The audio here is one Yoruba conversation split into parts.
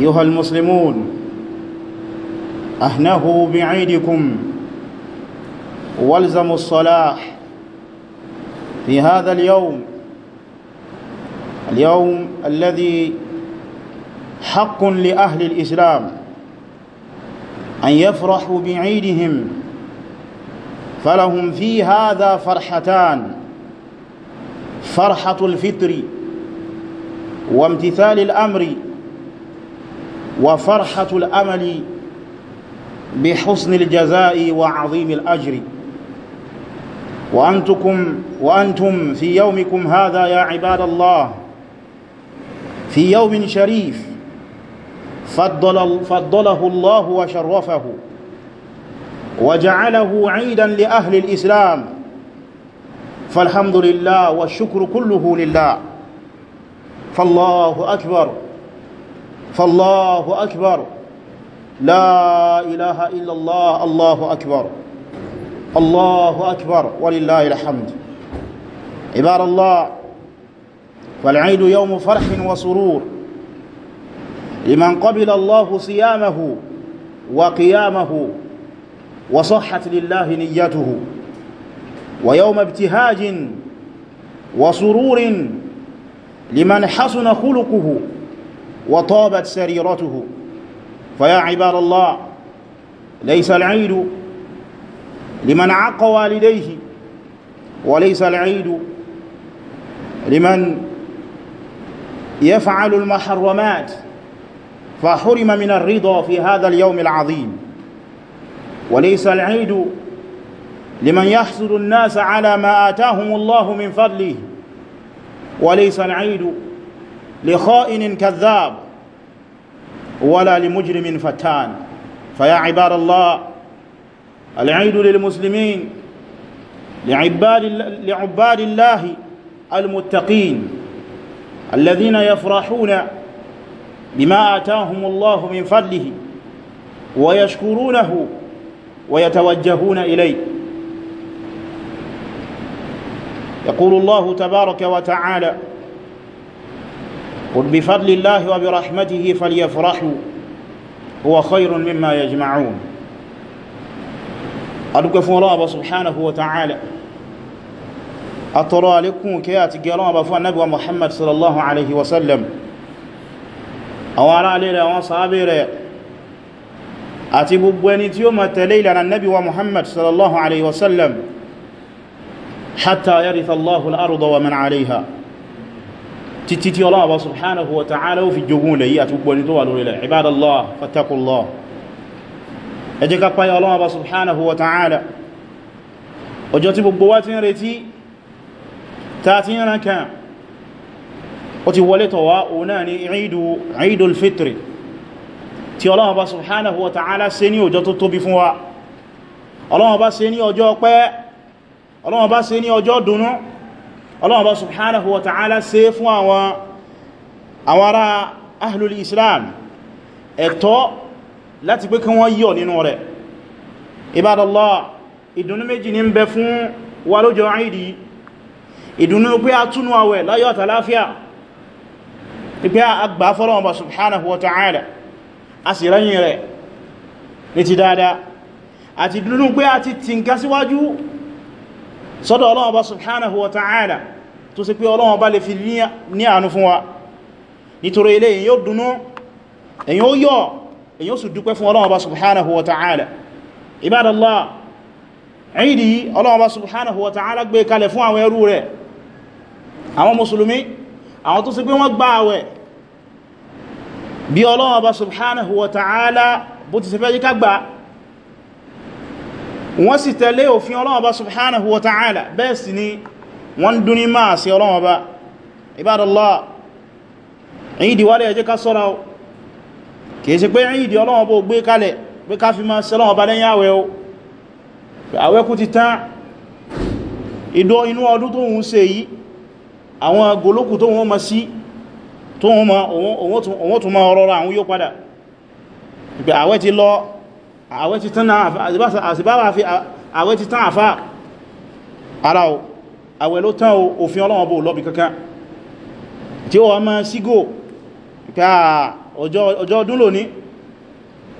أيها المسلمون أهنه بعيدكم والزموا الصلاح في هذا اليوم اليوم الذي حق لأهل الإسلام أن يفرحوا بعيدهم فلهم في هذا فرحتان فرحة الفطر وامتثال الأمر وفرحة الأمل بحسن الجزاء وعظيم الأجر وأنتم, وأنتم في يومكم هذا يا عباد الله في يوم شريف فضل فضله الله وشرفه وجعله عيدا لأهل الإسلام فالحمد لله والشكر كله لله فالله أكبر فالله أكبر لا إله إلا الله الله أكبر الله أكبر ولله الحمد عبار الله فالعيد يوم فرح وسرور لمن قبل الله صيامه وقيامه وصحت لله نيته ويوم ابتهاج وسرور لمن حسن خلقه وطابت سريرته فيا عباد الله ليس العيد لمن عق والديه وليس العيد لمن يفعل المحرمات فحرم من الرضا في هذا اليوم العظيم وليس العيد لمن يحسد الناس على ما آتاهم الله من فضله وليس العيد لخائن كذاب ولا لمجرم فتان فيا عباد الله العيد للمسلمين لعباد الله المتقين الذين يفرحون بما آتاهم الله من فضله ويشكرونه ويتوجهون إليه يقول الله تبارك وتعالى قل بفضل الله وبرحمته فليفرحوا هو خير مما يجمعون ألقفوا رابا سبحانه وتعالى أترى لكم كيات قرابا فالنبي محمد صلى الله عليه وسلم أولا ليلة وصابرة أتبوا بوانيت يوم التليل النبي محمد صلى الله عليه وسلم حتى يرث الله الأرض ومن عليها títí tí Ọlọ́run Ọba subhanahu wa ta'ala ó fi jogún lẹ̀ yí àti gbogbo ẹni tó wà lórí ilẹ̀ ibadallah fattaqullah ẹ jẹ́ ká páyà Ọlọ́run Ọba subhanahu wa ta'ala ọjọ́ tí gbogbo wa ti ń retí ta ti ń rankan ó ti wọlé tọ̀wá o náà ni ní ọjọ́ tó ọlọ́ọ̀bá subhanahu wa ta'ala ṣe fún àwọn ará ahlul islam ẹ̀tọ́ láti pé kí wọ́n yọ nínú rẹ̀ ibadallá ìdùnnú méjì ní ń bẹ fún wa lọ́jọ́ àìdí ìdùnnú pé a túnú àwẹ̀ láyọ̀ àtàláfíà pé a gbà fọ́lọ́ọ̀bá subhanahu wa ta'ala a sì rẹ́yìn rẹ̀ ní ti dáadáa àti ìdùnnú pé a ti tìǹkà sọ́dọ̀ Ọlọ́run Ọba subhanahu wa ta'ala tó sì pé Ọlọ́run Ọba lè fi ní àánú fún wa nítorí ilé èyí yóò dúnú èyí ó yọ̀ èyí ó sì dúpẹ́ fún Ọlọ́run Ọba subhanahu wa ta'ala ibadallah ìdí Ọlọ́run Ọba subhanahu wa ta'ala gbé kalẹ̀ fún àwọn ẹrú rẹ̀ àwọn mùsùlùmí àwọn tó sì pé wọ́n gba àwẹ̀ bí Ọlọ́run Ọba subhanahu wa ta'ala bó ti sì fẹ́ jí ká wọ́n sì tẹ̀lé òfin Ọlọ́run Ọba subhanahu wa ta'ala bẹ́ẹ̀ sì ni wọ́n ń dúní máa sí Ọlọ́run Ọba ibadallah ìdí wà lẹ́yẹ jẹ́ ká sọ́ra o kìí ṣe pé ìdí Ọlọ́run Ọba gbé kalẹ̀ pé ká fi máa sí Ọlọ́run lẹ́yìn àwẹ̀ ti tán àwẹ́ ti tán àwẹ́ ti tán àfá ara o àwẹ́ ló tán òfin ọlọ́wọ́n bó lọ́bì kankan tí ó wọ́n mọ́ sígò pẹ́ ọjọ́ ọdún lónìí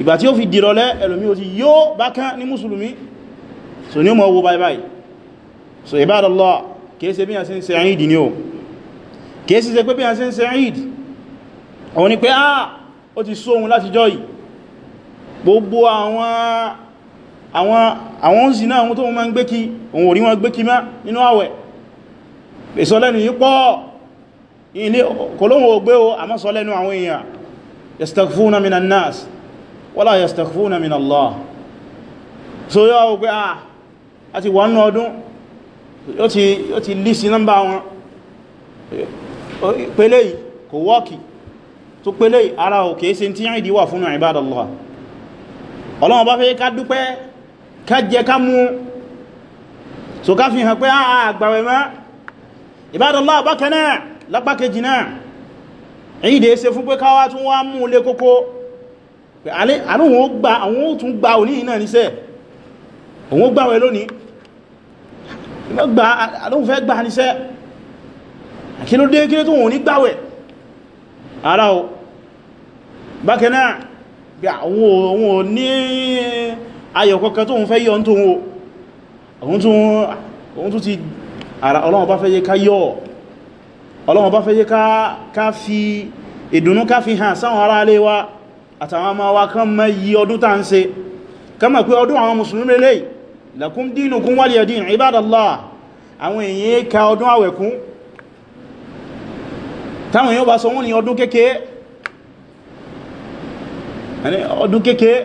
ìgbà tí ó fi dìrọlẹ́ ẹlòmí ó ti yóò bákan ní mùsùlùmí so ní mọ̀ owó báibáì so ibadallah kèése bí i àti ń ṣe àìdì ni o kèése pé bí i àti ń ṣe àìdì òun ni pé ah ó ti sóhun láti jọ yìí gbogbo àwọn àwọn zina àwọn tó ma ń gbé kí òun orí wọn gbé kí má nínú àwẹ̀ ìsọlẹ́nu yí pọ̀ ilé kòlóhùn ògbé o àmọ́ sọlẹ́nu àwọn èèyàn yastagfúna min annas wala yastagfúna min Allah so yọ́ ògbé a àti wọnú ọdún yóò ti lì sí nọ́mbà wọn pẹ̀lẹ́ kò wọ́kì tó pẹ̀lẹ́ ara òkè ọlọ́run bá fẹ́ ká dúpẹ́ ká jẹ ká mú so ká fi hàn pé àgbàwẹ̀ mọ́ ìbádọ́lá àbákanáà lápákejì náà èyí dẹ̀ ṣe fún pé káwà tún wá mú lé kókó pé àrùn ó tún gba òní náà níṣẹ́ òun ó gbàwẹ̀ lónìí àrùn fẹ́ gbà níṣẹ́ kí ló dé kí ló tún òun ní gbàwẹ̀ ara o bákanáà bí àwọn òun ní ayọ̀ kọkẹ tó ń fẹ́ yọ tó òun tó ti ara Ọlọ́run bá fẹ́ yẹ ká yọ Ọlọ́run bá fẹ́ yẹ ká fi ìdùnnú ká fi hàn sáwọn ará alé wa àtàwọn ọmọ wa kan mẹ́ yí ọdún tàà ń ṣe kama pé ọdún àwọn mùsùlùmí ọdún kékeré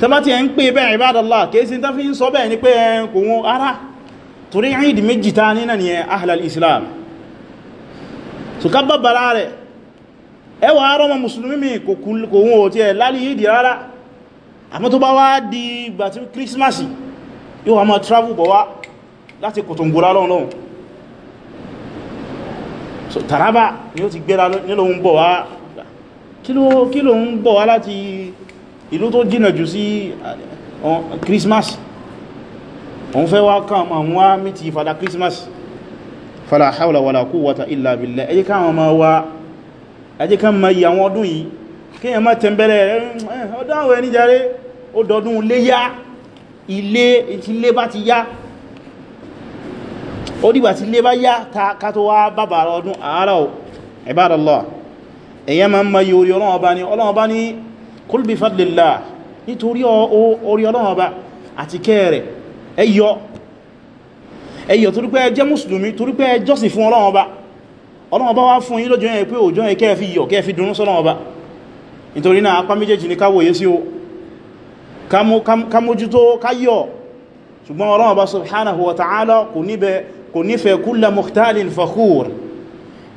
tẹbá ti ẹ̀ ń pè bẹ́ẹ̀ ìbádọ́lá kéèsí tó fi ń sọ bẹ́ẹ̀ ni pé ẹn kò wọn ara torí ìdí méjì ta nínà ni eh, ahlal islam so ká bàbára rẹ̀ ẹwà arọ́mọ musulmi mi kò wọn ò tí ẹ̀ lálì ìdí rárá àmọ́ tó bá wá di ìgbà tí kírísímàsì yóò wá máa travel bọ̀ wá láti kòtòǹgbòrá lọ́nà so taraba ni ó ti gbéra nílò ń bọ̀ wá kí ló ń bọ̀ wá láti ìlú tó jìnà jù sí uh, Christmas òun fẹ́ wá kàn àwọn wá mítí fada Christmas fala hawla wala quwwata illa billah ẹjẹ́ káwọn ma wá ẹjẹ́ ká ma yí àwọn ọdún yìí kíyàn má tẹ̀mbẹ̀rẹ̀ rẹ̀ ọdún àwọn ẹni jàre ó dọdún léyá ilé tí lé èyàn ma ń ma yí orí ọlọ́run ọba ní ọlọ́run ọba ní kul bi fadlillah nítorí orí ọlọ́run ọba àti kẹ́ẹ̀rẹ̀ ẹyọ ẹyọ torí pé ẹ jẹ́ mùsùlùmí torí pé ẹ jọ́sìn fún ọlọ́run ọba ọlọ́run ọba wá fún yín lójú ẹ̀ pé òjò ẹ̀ kẹ́ẹ̀ fi yọ̀ kẹ́ẹ̀ fi dùnú sọ́lọ́run ọba nítorí náà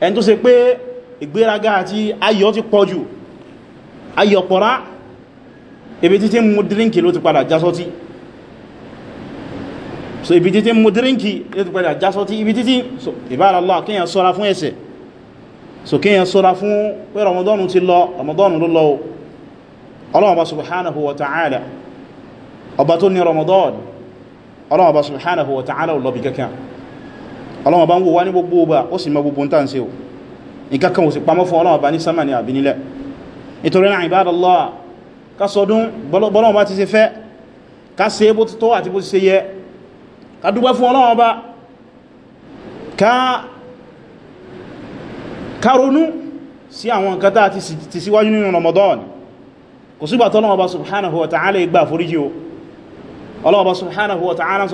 ẹni tó ṣe pé ìgbéraga àti ayọ̀ ti pọ̀jù ayọ̀ pọ̀rá ibi títí mú dírínkì ló ti padà jásọ́tí so ibi títí mú dírínkì ló ti padà jásọ́tí ibi títí so ìbáraláà kíyàn sọ́ra fún ẹ̀ṣẹ̀ so kíyàn sọ́ra fún pé ramadanu ti lọ ramadanu ló lọ ọlọ́wọ́ba subhanahu wa ta'ala ọba tó ní ramadan ọlọ́wọ́ba subhanahu wa ta'ala lọ bí kankan ọlọ́wọ́ba ń wo wá ní gbogbo ọba ó sì mọ gbogbo ń tàn sí o nǹkan kan ò sì pamọ́ fún Ọlọ́run bá ní sánmà ní àbí nílẹ̀ nítorí náà ibadallah ká ṣọdún bọ́lọ́wọ́ bá ti ṣe fẹ́ ká ṣe bó ti tọ́ àti bó ti ṣe yẹ ká dúpẹ́ fún Ọlọ́run bá ká ronú sí àwọn nǹkan tá ti síwájú nínú Ramadan kò sígbà tọ́lọ́wọ́ bá subhanahu wa ta'ala igbá foríjì o Ọlọ́run bá subhanahu wa ta'ala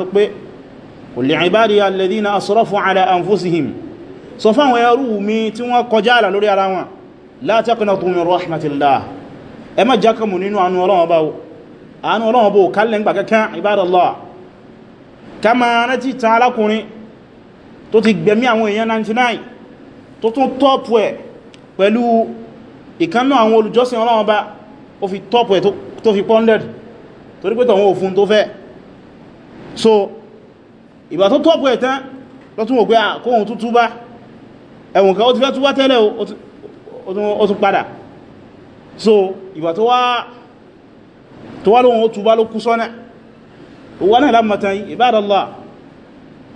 sọ fáwọn ẹrú mi tí wọ́n kọjá àlà lórí ara wọn la taqnatu min rahmatillah ẹ má jákàmù nínú àánú Ọlọ́run bá àánú Ọlọ́run bó kálẹ̀ nígbà kankan ibadallah ká máa rántí ta alákùnrin tó ti gbẹ̀mí àwọn èèyàn 99 tó tún tọ́pù ẹ̀ pẹ̀lú ìkannú àwọn so ìgbà tó tọ́pù ẹ̀ tán lọ́tún ògbé àkóhun ah, tútú bá ẹ̀wọ̀n kan ó ti fẹ́ tún wá tẹ́lẹ̀ ó tún padà so ìgbà tó wá lóhun ó túbá ló kú sọ́nà wọ́n náà lámàtà ìbádọ́lá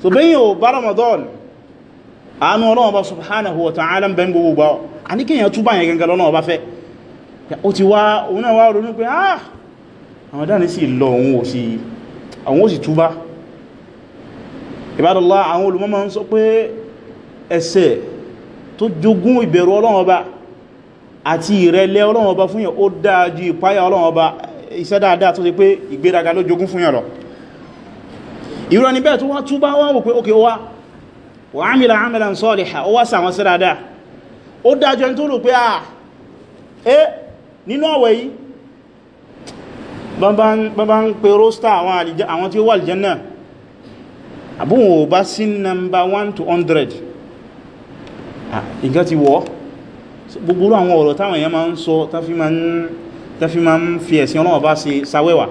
so bẹ́yìn ò bá Ramadan àánú Ọlọ́run bá subhanahu wa ta'ala ń bẹ́ gbogbo gbà a ní kíyàn túbá yẹn gangan lọ́nà ọba fẹ́ ó ti wá òun náà wá ronú pé ah àwọn dáni sí lọ òun ò sì túbá ìbádọ́lá àwọn olùmọ́mọ́ ń sọ pé ẹsẹ̀ tó jogún ìbẹ̀rù Ọlọ́run Ọba àti ìrẹ̀lẹ̀ Ọlọ́run Ọba fún yàn ó dáa ju ìpáyà Ọlọ́run Ọba iṣẹ́ dáadáa tó ṣe pé ìgbéraga ló jogún fún yàn lọ irú ẹni bẹ́ẹ̀ tó wá túbá wọ́n wò pé ókè wá wà ámìlà ámìlà ń sọ́ọ̀lẹ̀hà ó wá sàwọn sí dáadáa ó dájọ́ tó rò pé àà ah, é nínú number 1 to 100 nǹkan ti wọ́ gbogbo àwọn ọ̀rọ̀ táwọn èèyàn máa ń sọ tàfí máa ń fi ẹ̀sìn ọlọ́wọ́ bá ṣe sáwẹ́wà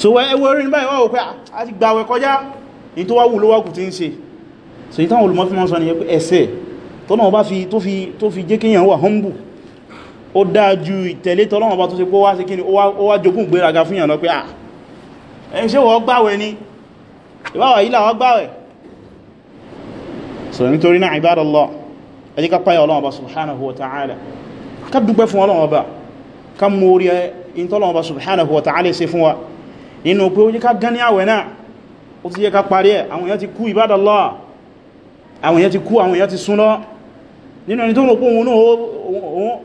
so ẹwọ́ orí ní báyìí pé ah, a ti gbàwẹ̀ kọjá ní tó wá wù lówákù tí ń ṣe so ìtàwọn olùmọ́ fi máa sọ ní ẹsẹ̀ tọ́nà bá fi tó fi jẹ́ kíyàn wà humble ó dájú ìtẹ̀lé tọ́lọ́wọ́ bá tó ṣe pé wá sí kíni ó wá jogún gbéraga so nítorí náà ibadallah ẹ jẹ́ ká páyà Ọlọ́run Ọba subhanahu wa ta'ala ká dúpẹ́ fún Ọlọ́run Ọba ká mú orí in tọ́lọ́run Ọba subhanahu wa ta'ala ṣe fún wa nínú pé ó jẹ́ ká gani àwẹ̀ náà ó ti yẹ ká parí ẹ̀ àwọn èèyàn ti kú ibadallah àwọn èèyàn ti kú àwọn èèyàn ti sún lọ ẹni tó rò pé òun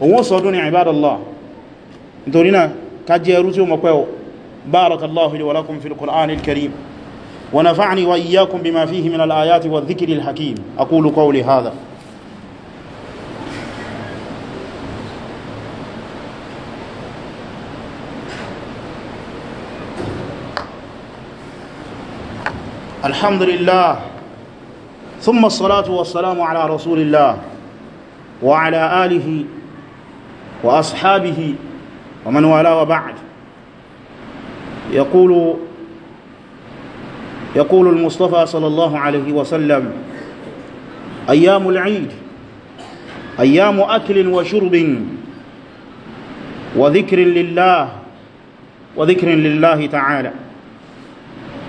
náà ní ibadallah nítorí náà ká jẹ́ ẹrú tí ó mọ̀ pẹ́ barakallahu li wa lakum fil qur'anil karim ونفعني وإياكم بما فيه من الآيات والذكر الحكيم أقول قولي هذا الحمد لله ثم الصلاة والسلام على رسول الله وعلى آله وأصحابه ومن والاه وبعد يقول يقول المصطفى صلى الله عليه وسلم أيام العيد أيام أكل وشرب وذكر لله وذكر لله تعالى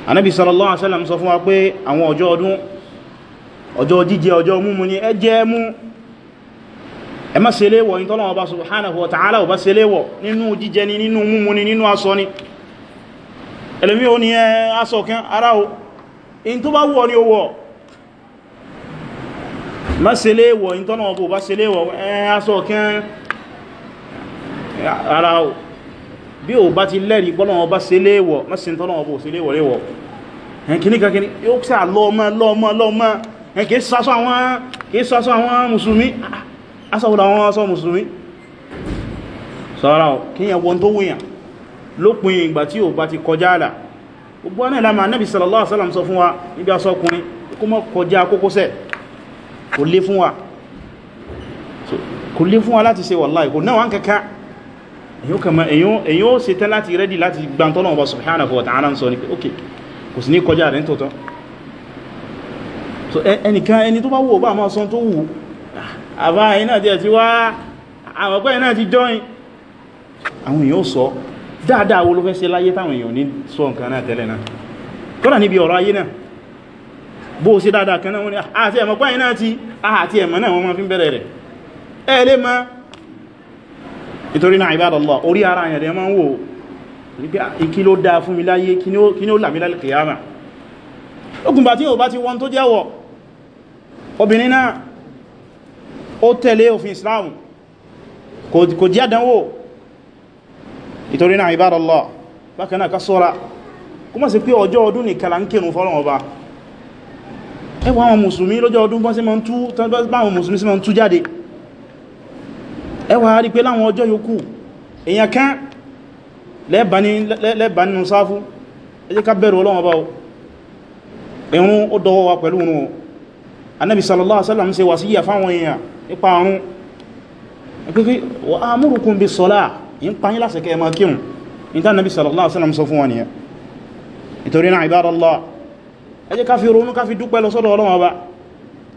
Ànábì sallallahu alaihi wasallam sọ fún wa pé àwọn ọjọ́ ọdún ọjọ́ jíjẹ ọjọ́ múmu ni ẹ jẹ mú ẹ má ṣe léèwọ̀ ní t'Ọlọ́run Ọba subhanahu wa ta'ala ò bá ṣe léèwọ̀ nínú jíjẹ ni nínú múmu ni nínú aṣọ ni ẹlòmí o ní ẹ asọ̀kán ara o in tó bá wọ́ ní owó ma ṣe léèwọ̀ in tọ́nà ọ̀bọ̀ bá ṣe léèwọ̀ ẹ asọ̀kán ara o bí o bá ti lẹ́rí bọ́nà ọba ṣe léèwọ̀ ma ṣe tọ́nà ọ̀bọ̀ ṣe léèwọ̀ léèwọ̀ ẹnkìní kankìní yóò sà lọ́ọ̀mọ́ lọ́ọ̀mọ́ lọ́ọ̀mọ́ ẹnkìí sásọ àwọn mùsùlùmí asọ̀wọ̀dà àwọn asọ̀ mùsùlùmí sọ́ra ọ̀ kíyàn wọn tó wùyàn lópin ìgbà tí ò bá ti kọjá àlà gbogbo ọ̀nà ìlàmà Ànábì sallallahu alaihi wasallam sọ fún wa níbi aṣọ ọkùnrin kó mọ́ kọjá kókósẹ̀ kò lé fún wa kò lé fún wa láti ṣe wallahi kò náà wá ń kẹ́kẹ́ èyí ó ṣe tán láti rẹ́dì láti gbantọ́nà ọba subhanahu wa ok kò sí ní kọjá rẹ̀ nítòótọ́ so ẹnìkan ẹni tó bá wù ọba àmọ́ sọ tó wù àbá ẹ̀yìn náà ti wá àwọn ọgbẹ́ dáadáa wo ló fẹ́ ṣe láyé táwọn èèyàn ní sọ nǹkan náà tẹ́lẹ̀ náà kọ́nà níbi ọ̀rọ̀ ayé náà bó ṣe dáadáa kan náà wọ́n ni ah, àti ẹ̀mọ̀ pàyín náà ti ah, àti ẹ̀mọ̀ náà wọ́n máa fi bẹ̀rẹ̀ rẹ̀ ẹ lè ma nítorí náà ibadallah orí ara àyàn rẹ̀ máa ń wò ah, kí ló dáa fún mi láyé kí ni ó làmí lálẹ́ kìyàmà okùnbà tí ò bá ìtorí náà ibádallāh bákan náà ká ṣọ́ra kó má ṣe pé ọjọ́ ọdún nìkan la ń kírun fọ́lọ́run ọba ẹwà àwọn mùsùlùmí lọ́jọ́ ọdún bọ́n sí ma ń tú báwọn mùsùlùmí sí ma ń tú jáde ẹwà rí pé láwọn ọjọ́ yòókù èyàn kán lẹ́bà nínú sáfú ẹ jẹ́ ká bẹ̀rù Ọlọ́run ọba o ìrun ó dọwọ́ in pa yín láṣẹ kẹ́ ma kírun in ta nabi sallallahu alaihi wasallam sọ fún wa nìyẹn ìtorí náà ibadallah ẹ jẹ́ ká fi ronú ká fi dúpẹ́ lọ sọ́dọ̀ Ọlọ́run Ọba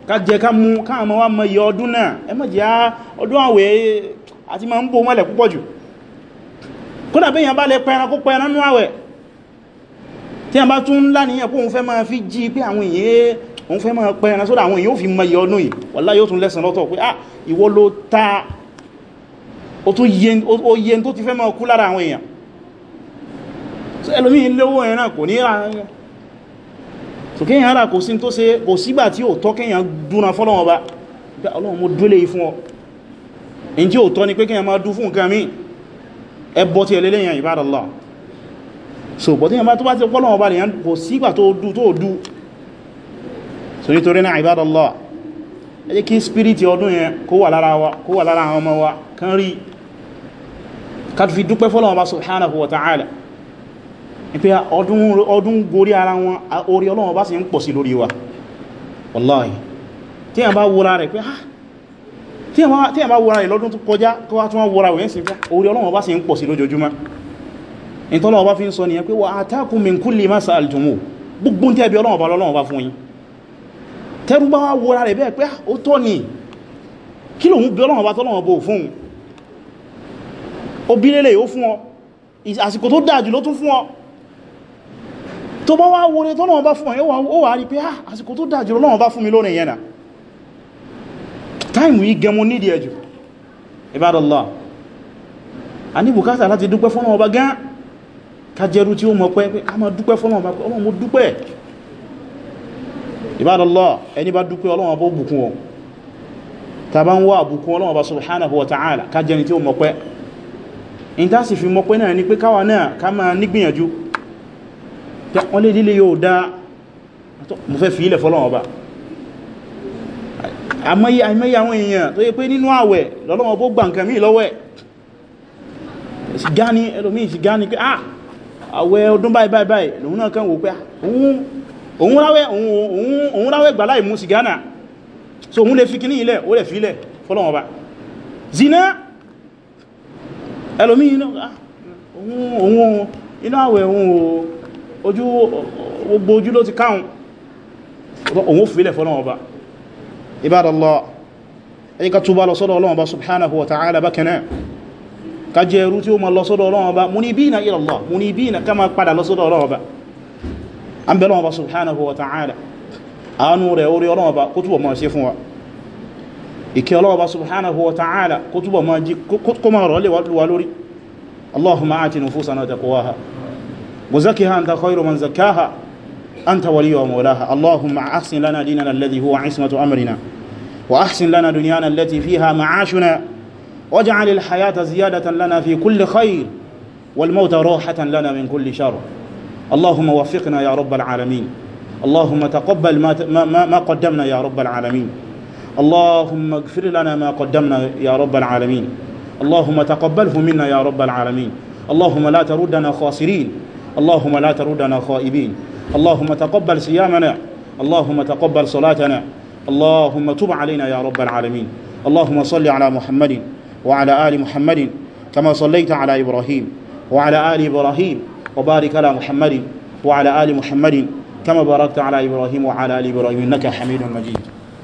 ká jẹ ká mú ká àmọ́ wá mọ iye ọdún náà ẹ má jẹ́ ọdún àwẹ̀ àti ma ń bó mọ́lẹ̀ púpọ̀ jù kódà bẹ́yàn bá lẹ pẹran kó pẹran nú àwẹ̀ ó tún yẹ tó ti fẹ́ máa kú lára àwọn èèyàn so ẹlòmí ilé-owó ẹ̀rẹ́ náà kò ní ààrẹ so kíyàn ara kò sí tó ṣe kò sígbà tí ó tọ́ kíyàn dúnà fọ́lọ́wọ́ bá pé ọlọ́run mo dúlé fún ọ in tí ó tọ́ ni pé kíyàn máa dú fún nǹkan mí ẹbọ ti ẹlẹ́lẹ́ yàn ìbádàlá so bọ̀ tí yàn bá tó bá ti fọ́lọ́wọ́ bá lèyàn kò sígbà tó dú tó dú so nítorí náà ìbádàlá ẹ jẹ́ kí spirit ọdún yẹn kó wà lára wa kó wà kan rí kàtù fi dúpẹ́ fọ́lọ́wọ́ bá subhanahu wa ta'ala ìpé ọdún gorí ara wọn orí Ọlọ́run bá sì ń pọ̀ sí lórí wa wallahi tí a bá wúra rẹ̀ pé ah! tí a bá wúra rẹ̀ lọ́dún tó kọjá tó wá tún wúra rẹ̀ sí orí Ọlọ́run bá sì ń pọ̀ sí lójoojúmọ́ ìtọ́lọ́wọ́ bá fi ń sọ nìyẹn pé wa atakum min kulli ma sa'altumu gbogbo tí ẹbí Ọlọ́run bá lọ́lọ́run bá fún yín tẹ́rù bá wá ó bí lélẹ̀ yóò fún ọ àsìkò tó dájú ló tún fún ọ tó bá wá wọlé tó lọ́wọ́ bá fún ọ ó wà rí pé ah, àsìkò tó dájú lọ́wọ́ bá fún mi lónìí yẹn náà táìmù yìí gẹmú nídìí ẹjù Ibadallah a ní bùkátà láti dúpẹ́ fún ọba gán kájẹrú tí ó mọ̀ pé a máa dúpẹ́ fún ọba pé ọlọ́run mo dúpẹ́ Ibadallah ẹni bá dúpẹ́ ọlọ́run ọba ó bùkún ọ tàbá ń wá àbùkún ọlọ́run ọba subhanahu wa ta'ala kájẹrú tí ó mọ̀ pé in ta sì fi mọ́ pé náà ni pé káwa náà ká máa nígbìyànjú pé wọ́n lè dílé yóò dá mo fẹ́ fi ilẹ̀ fọ́lọ́wọ́ bá àmọ́yí àmọ́yí àwọn èèyàn tó yẹ pé nínú àwẹ̀ lọ́lọ́wọ́ bó gbà nǹkan míì lọ́wẹ́ gani ẹlòmí ti gani pé ah àwẹ̀ ọdún báyìí báyìí báyìí lòun náà kàn wò pé ah, òun ráwẹ̀ gbà láì mú sí gánà so òun lè fi kíní ilẹ̀ ó lè fi ilẹ̀ fọ́lọ́wọ́ ẹlòmí ah, iná àwẹ̀ ohun ojú gbogbo ojú ló ti káhùn òun fílẹ̀ fọ́nà ọba ibadallah ẹni ká túbá lọ sọ́dọ̀ Ọlọ́run Ọba subhanahu wa ta'ala bákanáà ká jẹ́ ẹrú tí ó ma lọ sọ́dọ̀ Ọlọ́run Ọba munibina ila Allah munibina ká ma padà lọ sọ́dọ̀ Ọlọ́run Ọba an bẹ̀rẹ̀ Ọba subhanahu wa ta'ala àánú rẹ̀ orí Ọlọ́run Ọba kó túbọ̀ mọ́ ṣe fún wa ìkẹ́ ọlọ́ọ̀bá subhanahu wa ta'ala kutuba túbọ̀ máa jí kó máa rọ̀lẹ̀ wà lórí allahumma ati nufusana taqwaha wa zakkiha anta khayru man zakkaha anta waliyuha wa mawlaha allahumma ahsin lana dinana alladhi huwa ismatu amrina wa ahsin lana dunyana allati fiha ma'ashuna waj'al alhayata ziyadatan lana fi kulli khayr wal mauta rohatan lana min kulli shar allahumma waffiqna ya rabbal alamin allahumma taqabbal ma, ma, ma, ma qaddamna ya rabbal alamin اللهم اغفر لنا ما قدمنا يا رب العالمين اللهم تقبله منا يا رب العالمين اللهم لا تردنا خاسرين اللهم لا تردنا خائبين اللهم تقبل صيامنا اللهم تقبل صلاتنا اللهم تب علينا يا رب العالمين اللهم صل على محمد وعلى آل محمد كما صليت على إبراهيم وعلى آل إبراهيم وبارك على محمد وعلى آل محمد كما باركت على إبراهيم وعلى آل إبراهيم إنك حميد مجيد